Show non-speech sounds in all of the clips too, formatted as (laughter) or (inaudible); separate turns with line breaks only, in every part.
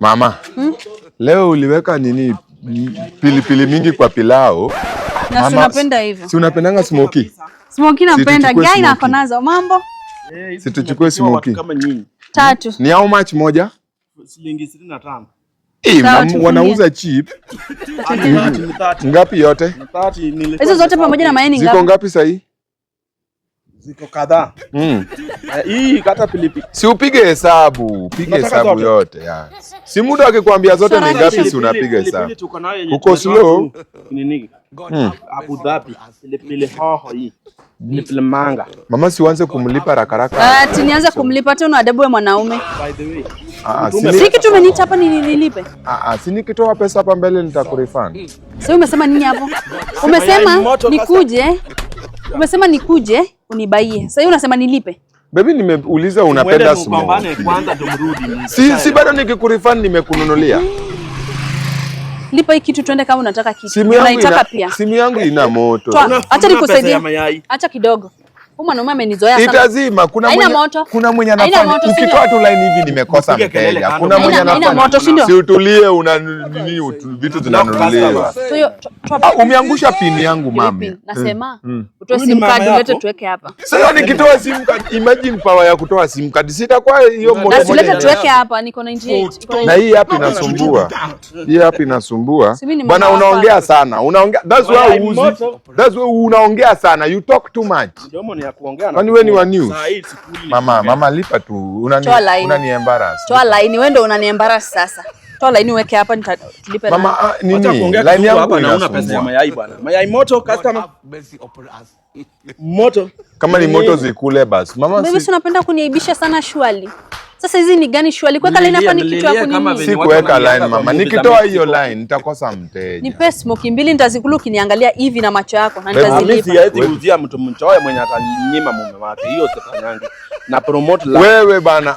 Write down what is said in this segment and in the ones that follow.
Mama, hmm? Leo uliweka nini pilipili pili mingi kwa pilao?
Na tunapenda hivyo.
Si unapendanga smoky?
Smoky napenda. Gai na konazo mambo.
Si tuchukue smoky. Tatu. Ni how much moja? Shilingi 25. Eh, wanauza cheap. Ngapi yote?
Hizo zote pamoja na mayai ngapi?
Ziko ngapi sahii?
ziko kadhaa mm. Hii kata pilipili,
si upige hesabu, upige hesabu yote ya. Si muda akikwambia zote ni ngapi, si unapiga hesabu uko slow nini?
Hmm. Abu Dhabi, pilipili hoho hii, pilipili manga.
Mama, si uanze kumlipa raka raka.
Ah, eh, tinianza kumlipa tena adabu ya mwanaume. By the way. Ah, ah si kitu umeniita hapa nilipe.
Ah, ah, si nikitoa pesa hapa mbele nitakurefund.
Sasa umesema nini hapo? Umesema nikuje. Umesema nikuje unibaie. Sasa hiyo unasema nilipe?
Baby, nimeuliza unapenda smoke. (laughs) Si si bado nikikurefund nimekununulia.
(gasps) Lipa hii kitu tuende kama unataka kitu. Simu yangu ina moto. Acha nikusaidie. Acha kidogo mwanaume amenizoea sana.
Itazima. Kuna mwenye kuna mwenye anafanya ukitoa tu line hivi nimekosa mteja. Kuna mwenye
anafanya si
utulie, una nini vitu zinanuliwa. Ah, umeangusha pini yangu mami. Hmm.
Nasema hmm. utoe sim card tuweke hapa.
Sasa nikitoa sim card, imagine power ya kutoa sim card. Sitakuwa hiyo moto
tuweke hapa, niko na injini.
Na hii hapa inasumbua. Hii hapa inasumbua. Bwana unaongea sana. Unaongea that's why that's why unaongea sana. You talk too much ya kuongea na wewe ni wa news. Mama, mama lipa tu. Unani unani embarrass.
Toa line wewe ndio unani embarrass sasa. Toa line weke hapa nitalipa.
Mama ah, nini? Line yangu hapa naona pesa
ya mayai bwana. Mayai moto customer. moto.
Kama ni moto eh. zikule basi.
Mama, mimi si unapenda kuniaibisha sana shwali. Sasa hizi ni gani shua alikuweka line hapa ni kitu ya kunini?
Si kuweka line mama. Nikitoa hiyo line nitakosa mteja.
Nipe smoke mbili nitazikula ukiniangalia hivi na macho yako na nitazilipa.
Mimi sieti kuuzia mtu mchoe mwenye atanyima mume wake. Hiyo sifanyagi. Na promote
Wewe bana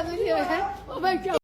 Obrigado, gente. É um é?